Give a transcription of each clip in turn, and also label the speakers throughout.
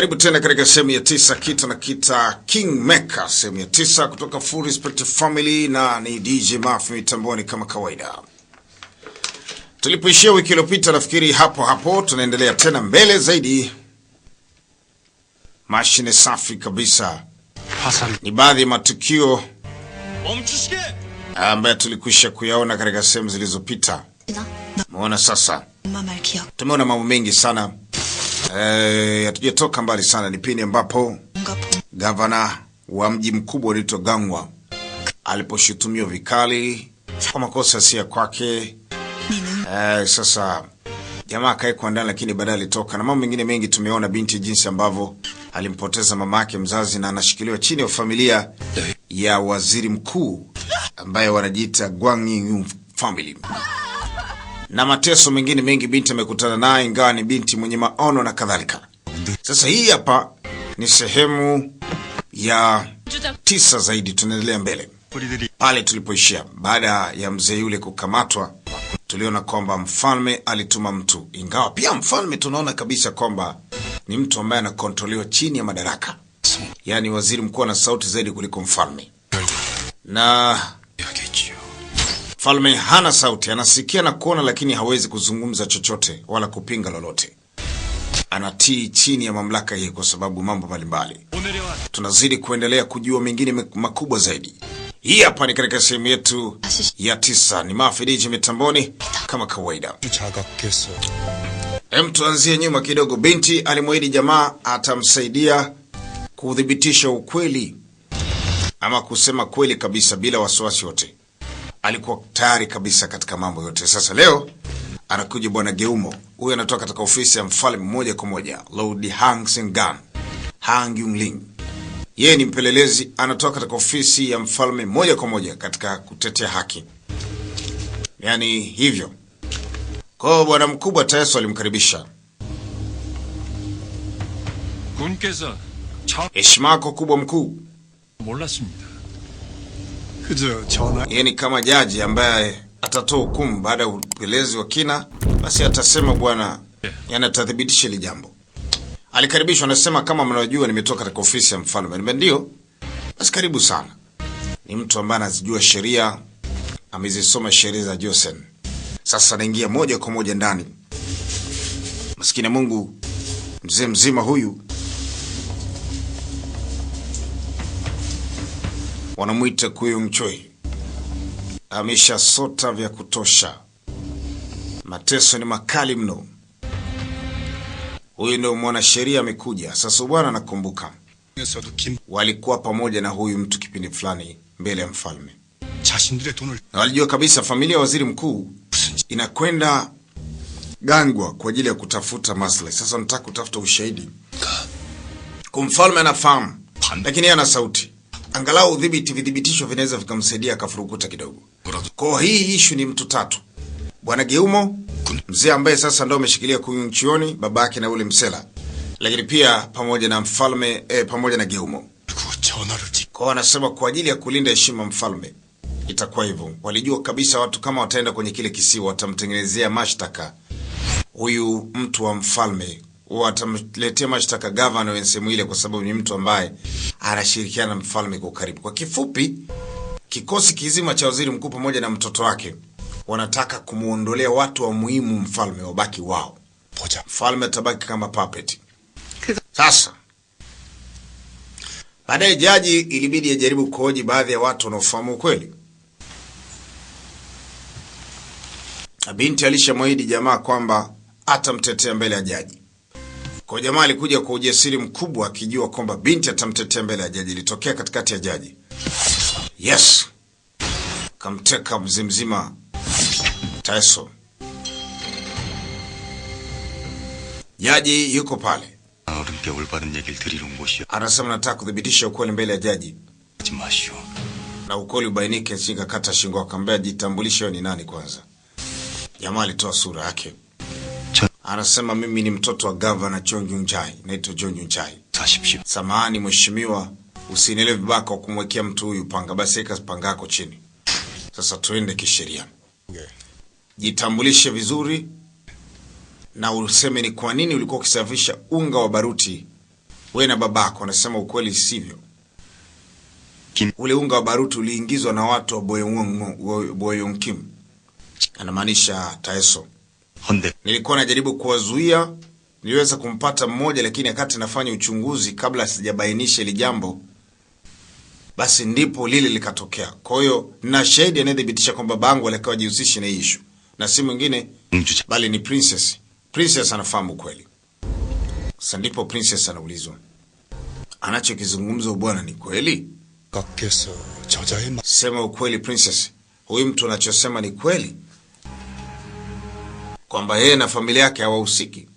Speaker 1: Karibu tena katika sehemu ya tisa kita na kita King Kingmaker, sehemu ya tisa kutoka Full Respect Family, na ni DJ Mafy mitamboni kama kawaida. Tulipoishia wiki iliyopita, nafikiri hapo hapo tunaendelea tena mbele zaidi. Mashine safi kabisa. Hasan, Ni baadhi ya matukio ambayo tulikwisha kuyaona katika sehemu zilizopita. Muona sasa, tumeona mambo mengi sana Eh, hatujatoka mbali sana. Ni pindi ambapo gavana wa mji mkubwa unaitwa Gangwa aliposhutumiwa vikali kwa makosa si ya kwake. Eh, sasa jamaa akaekwa ndani, lakini baadaye alitoka, na mambo mengine mengi tumeona binti jinsi ambavyo alimpoteza mama yake mzazi, na anashikiliwa chini ya familia ya waziri mkuu ambaye wanajiita Gwangi family na mateso mengine mengi binti amekutana naye, ingawa ni binti mwenye maono na kadhalika. Sasa hii hapa ni sehemu ya tisa zaidi, tunaendelea mbele pale tulipoishia. Baada ya mzee yule kukamatwa, tuliona kwamba mfalme alituma mtu, ingawa pia mfalme tunaona kabisa kwamba ni mtu ambaye anakontroliwa chini ya madaraka, yaani waziri mkuu ana sauti zaidi kuliko mfalme na Mfalme hana sauti, anasikia na kuona, lakini hawezi kuzungumza chochote wala kupinga lolote. Anatii chini ya mamlaka hii kwa sababu mambo mbalimbali. Tunazidi kuendelea kujua mengine makubwa zaidi. Hii hapa ni katika sehemu yetu ya tisa. Ni Mafidiji mitamboni kama kawaida. Hem, tuanzie nyuma kidogo. Binti alimwahidi jamaa atamsaidia kuthibitisha ukweli ama kusema kweli kabisa bila wasiwasi wote alikuwa tayari kabisa katika mambo yote. Sasa leo anakuja bwana Geumo, huyu anatoka katika ofisi ya mfalme moja kwa moja, Lord Hang Sengan Hang Yungling. Yeye ni mpelelezi, anatoka katika ofisi ya mfalme moja kwa moja katika kutetea haki, yaani hivyo kwa bwana mkubwa Taeso alimkaribisha. Heshima yako kubwa mkuu.
Speaker 2: Molasmita.
Speaker 1: Yeye ni kama jaji ambaye atatoa hukumu baada ya upelelezi wa kina, basi atasema bwana, yani atathibitisha hili jambo. Alikaribishwa, anasema kama mnaojua, nimetoka katika ofisi ya mfalme. Nimbe ndio, basi karibu sana. Ni mtu ambaye anazijua sheria, amezisoma sheria za Josen. Sasa naingia moja kwa moja ndani. Maskini Mungu, mzee mzima huyu wanamwita Kuyu Mchoi, ameshasota vya kutosha, mateso ni makali mno. Huyu ndio mwanasheria amekuja sasa. Bwana, nakumbuka walikuwa pamoja na huyu mtu kipindi fulani mbele ya mfalme, na walijua kabisa familia ya waziri mkuu inakwenda Gangwa kwa ajili ya kutafuta maslahi. Sasa nataka kutafuta ushahidi. kwa mfalme, anafahamu, lakini ana sauti angalau udhibiti vidhibitisho vinaweza vikamsaidia akafurukuta kidogo. Kwa hii ishu ni mtu tatu, Bwana Geumo mzee ambaye sasa ndio ameshikilia baba yake na ule msela, lakini pia pamoja na mfalme eh, pamoja na Geumo kwa wanasema kwa ajili ya kulinda heshima mfalme itakuwa hivyo. Walijua kabisa watu kama wataenda kwenye kile kisiwa watamtengenezea mashtaka huyu mtu wa mfalme watamletea mashtaka gavana wa sehemu ile, kwa sababu ni mtu ambaye anashirikiana na mfalme kwa karibu. Kwa kifupi, kikosi kizima cha waziri mkuu pamoja na mtoto wake wanataka kumuondolea watu wa muhimu mfalme, wabaki wao, mfalme atabaki kama puppet. Sasa baadaye jaji ilibidi ajaribu kuhoji baadhi ya watu wanaofahamu ukweli. Binti alishamwahidi jamaa kwamba atamtetea mbele ya jaji. Kwa jamaa alikuja kwa ujasiri mkubwa akijua kwamba binti atamtetea mbele ya jaji. Ilitokea katikati ya jaji. Yes. Kamteka mzimzima Tyson. Jaji yuko pale. Anasema nataka kudhibitisha ukweli mbele ya jaji. Na ukweli ubainike, kata shingo, akamwambia jitambulishe ni nani kwanza. Jamaa alitoa sura yake anasema mimi ni mtoto wa gavana John Yunchai, naitwa John Yunchai. Samahani mheshimiwa, usinile vibaya kwa kumwekea mtu huyu panga. Basi weka panga yako chini. Sasa tuende kisheria. Jitambulishe vizuri na useme ni kwa nini ulikuwa ukisafisha unga wa baruti we na babako. Anasema ukweli sivyo, ule unga wa baruti uliingizwa na watu wa Boyongkim, anamaanisha Taeso Nilikuwa najaribu kuwazuia, niweza kumpata mmoja, lakini wakati nafanya uchunguzi kabla sijabainisha ile jambo, basi ndipo lile likatokea. Kwa hiyo na shahidi anayethibitisha kwamba bangu alikuwa ajihusishe na issue na si mwingine bali ni Princess. Princess anafahamu kweli. Sasa ndipo Princess anaulizwa, anachokizungumza bwana ni kweli? Sema ukweli Princess, huyu mtu anachosema ni kweli? kwamba yeye na familia yake hawahusiki.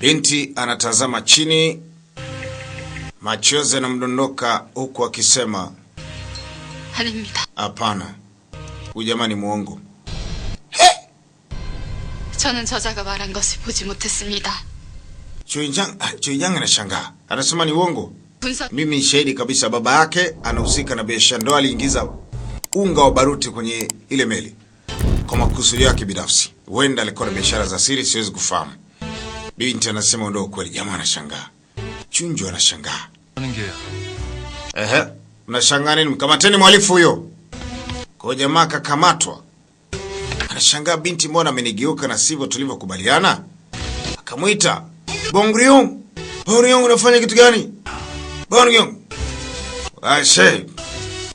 Speaker 1: Binti anatazama chini, machozi yanamdondoka huku akisema hapana, huyu jamaa ni mwongo. Chuinjang ah, anashangaa, anasema ni uongo. Mimi shahidi kabisa, baba yake anahusika na biashara, ndo aliingiza unga wa baruti kwenye ile meli kwa makusudi yake binafsi. Huenda alikuwa na biashara za siri, siwezi kufahamu. Binti anasema ndio kweli. Jamaa anashangaa, Chunjo anashangaa. Ehe, unashangaa nini? Mkamateni mwalifu huyo. Kwa jamaa kakamatwa, anashangaa binti, mbona amenigeuka na sivyo tulivyokubaliana? Akamwita Bongriung, Bongriung, unafanya kitu gani? Hongyung. Ashe.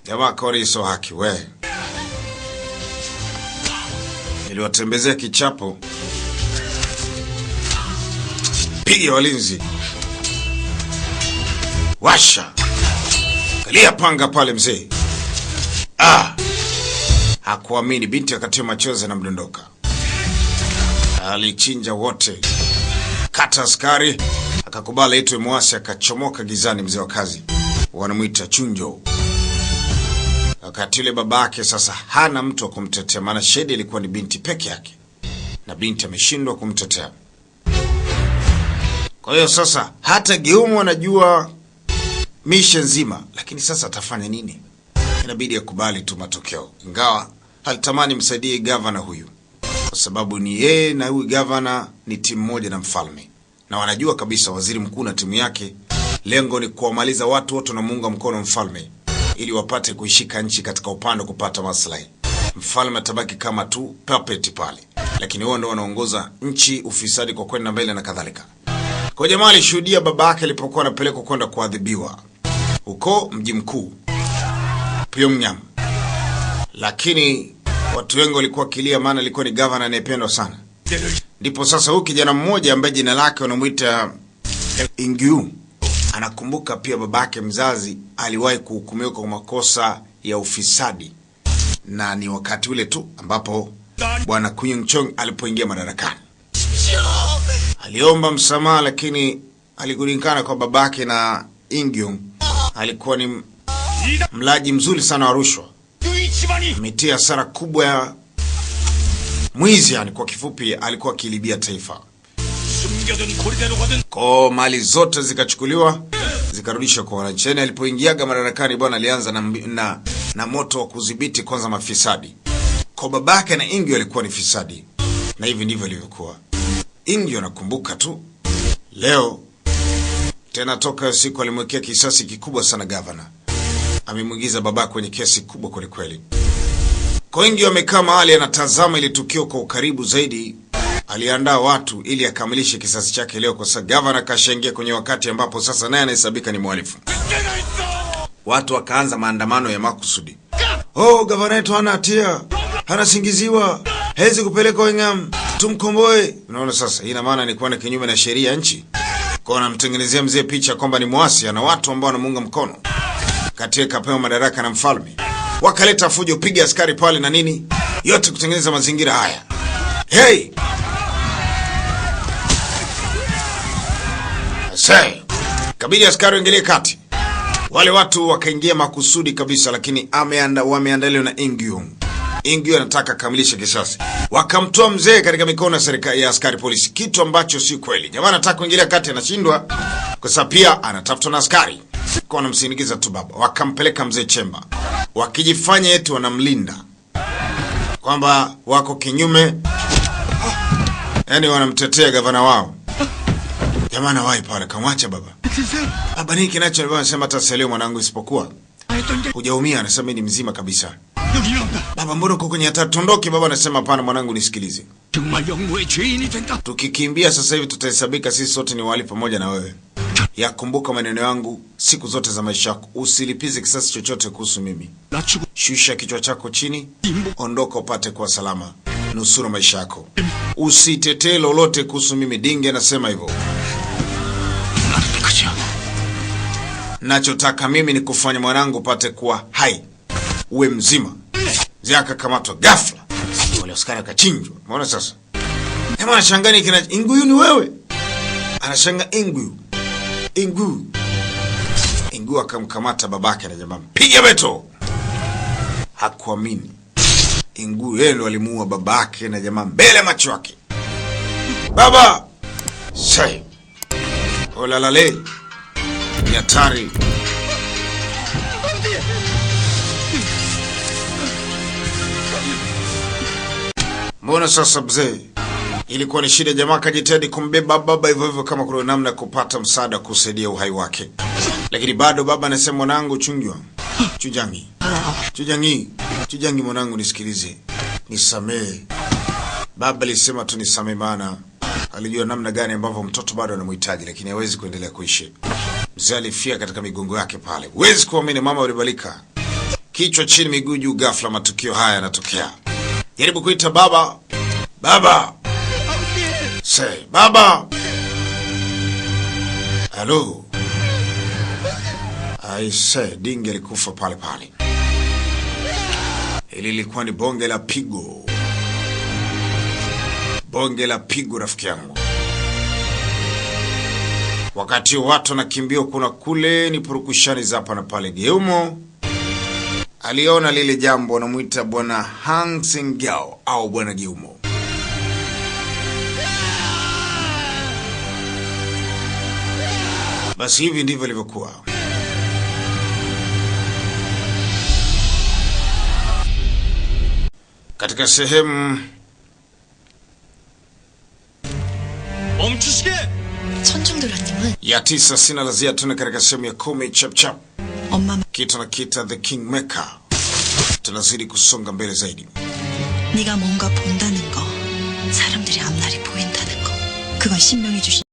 Speaker 1: Jamaa koriso haki we. Niliwatembezea kichapo. Piga walinzi. Washa. Kalia panga pale mzee. Ah. Hakuamini binti akatia machozi na mdondoka. Alichinja wote. Kata askari akakubali aitwe mwasi, akachomoka gizani. Mzee wa kazi wanamwita Chunjo. Wakati yule baba yake sasa hana mtu wa kumtetea, maana shahidi ilikuwa ni binti peke yake, na binti ameshindwa kumtetea. Kwa hiyo sasa hata Geumu anajua mishe nzima, lakini sasa atafanya nini? Inabidi akubali tu matokeo, ingawa alitamani msaidie gavana huyu, kwa sababu ni yeye na huyu gavana ni timu moja na mfalme na wanajua kabisa waziri mkuu na timu yake lengo ni kuwamaliza watu wote wanamuunga mkono mfalme ili wapate kuishika nchi katika upande kupata maslahi. Mfalme atabaki kama tu puppet pale, lakini wao ndio wanaongoza nchi ufisadi kwa kwenda mbele na kadhalika. Kwa jamaa alishuhudia baba yake alipokuwa anapelekwa kwenda kuadhibiwa huko mji mkuu Pyongyang, lakini watu wengi walikuwa kilia, maana alikuwa ni gavana anayependwa sana. Ndipo sasa huyu kijana mmoja ambaye jina lake wanamwita Ingyu anakumbuka pia babake mzazi aliwahi kuhukumiwa kwa makosa ya ufisadi, na ni wakati ule tu ambapo bwana Kuying Chong alipoingia madarakani. Aliomba msamaha, lakini alikulikana kwa babake na ingyu alikuwa ni mlaji mzuri sana wa rushwa, ametia hasara kubwa ya Mwizi yani, kwa kifupi, alikuwa akilibia taifa ko, mali zote zikachukuliwa zikarudishwa kwa wananchi. Yani alipoingiaga madarakani bwana, alianza na, na, na moto wa kudhibiti kwanza mafisadi kwa babake na ingi walikuwa ni fisadi, na hivi ndivyo ilivyokuwa. ingi nakumbuka tu leo tena toka siku alimwekea kisasi kikubwa sana gavana, amemwingiza baba kwenye kesi kubwa kwelikweli. Kwa wengi wamekaa mahali anatazama ile tukio kwa ukaribu zaidi. Aliandaa watu ili akamilishe kisasi chake leo, kwa sababu gavana kashaingia kwenye wakati ambapo sasa naye anahesabika ni mwalifu. Watu wakaanza maandamano ya makusudi. Oh, gavana yetu hana hatia, anasingiziwa, hawezi kupelekwa Wengam, tumkomboe. Unaona sasa, hii ina maana ni kuwa kinyume na sheria ya nchi, kwa anamtengenezea mzee picha kwamba ni mwasi, ana watu ambao wanamuunga mkono, katika kapewa madaraka na mfalme wakaleta fujo, piga askari pale na nini, yote kutengeneza mazingira haya. Hey, Say! kabidi askari waingilie kati, wale watu wakaingia makusudi kabisa, lakini ameanda wameandaliwa na Ingyung. Ingyung anataka kamilisha kisasi, wakamtoa mzee katika mikono ya serikali ya askari polisi, kitu ambacho si kweli. Jamaa anataka kuingilia kati, anashindwa kwa sababu pia anatafutwa na askari, kwa anamsindikiza tu baba, wakampeleka mzee chemba wakijifanya eti wanamlinda kwamba wako kinyume, yani wanamtetea gavana wao. Jamani, wahi pale kamwacha baba baba, nini kinacho? Anasema hata salio mwanangu, isipokuwa hujaumia. Anasema mimi ni mzima kabisa. Baba, mbona uko kwenye hatari? Tondoke baba. Anasema hapana mwanangu, nisikilize, tukikimbia sasa hivi tutahesabika sisi sote ni wali pamoja na wewe. Yakumbuka maneno yangu siku zote za maisha yako, usilipize kisasi chochote kuhusu mimi. Shusha kichwa chako chini, ondoka upate kwa salama, nusura maisha yako, usitetee lolote kuhusu mimi. Dingi anasema hivyo. Nachotaka mimi ni kufanya mwanangu upate kuwa hai, uwe mzima. Ziaka kamatwa ghafla, wale askari wakachinjwa. Umeona sasa, kama anashangani kina inguyu, ni wewe, anashanga inguyu Ingu. Ingu akamkamata babake na jamaa, mpiga beto. Hakuamini. Ingu yeye alimuua babake na jamaa mbele macho yake. Baba. Sai. Olalale. Ni hatari. Mbona sasa mzee? ilikuwa ni shida. Jamaa akajitahidi kumbeba baba hivyo hivyo, kama kuna namna ya kupata msaada kusaidia uhai wake, lakini bado baba anasema, mwanangu, chunjwa, chujangi, chujangi, chujangi, mwanangu, nisikilize, nisamee. Baba alisema tu nisamee, maana alijua namna gani ambavyo mtoto bado anamhitaji, lakini hawezi kuendelea kuishi. Mzee alifia katika migongo yake pale, huwezi kuamini. Mama ulibalika kichwa chini, miguu juu. Ghafla matukio haya yanatokea, jaribu kuita baba, baba Shei, baba. Halo. Aise, Dingi alikufa pale pale. Hili lilikuwa ni bonge la pigo, bonge la pigo, rafiki yangu. Wakati watu wanakimbia kuna kule, ni purukushani za hapa na pale. Geumo aliona lile jambo, anamwita bwana Hansingao au bwana Geumo Basi hivi ndivyo ilivyokuwa. Katika sehemu ya tisa, sina la ziada tena. Katika sehemu ya kumi chap chap oh, kita na kita the king maker, tunazidi kusonga mbele zaidi. 네가 뭔가 본다는 거, 사람들이 앞날이 보인다는 거, 그건 신명해